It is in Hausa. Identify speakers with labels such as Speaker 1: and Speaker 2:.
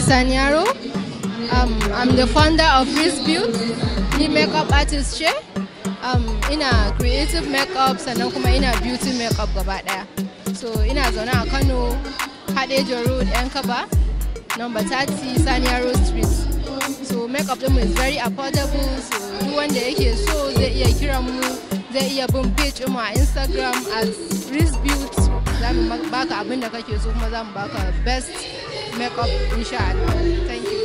Speaker 1: Sanyaro.
Speaker 2: Um, I'm the founder
Speaker 3: of this Build,
Speaker 1: ni makeup artist ce. Um, a creative makeup sannan kuma a beauty makeup gaba daya. So ina zaune a Kano, Hadejo Road, Yankaba. number 30 Saniya Road Street. So makeup ɗinmu is very affordable so duk wanda yake so zai iya kiran mu zai iya bin page mu a Instagram as Riz Beauty. Za mu baka abin da kake so kuma za mu baka best
Speaker 4: makeup insha Allah. Thank you.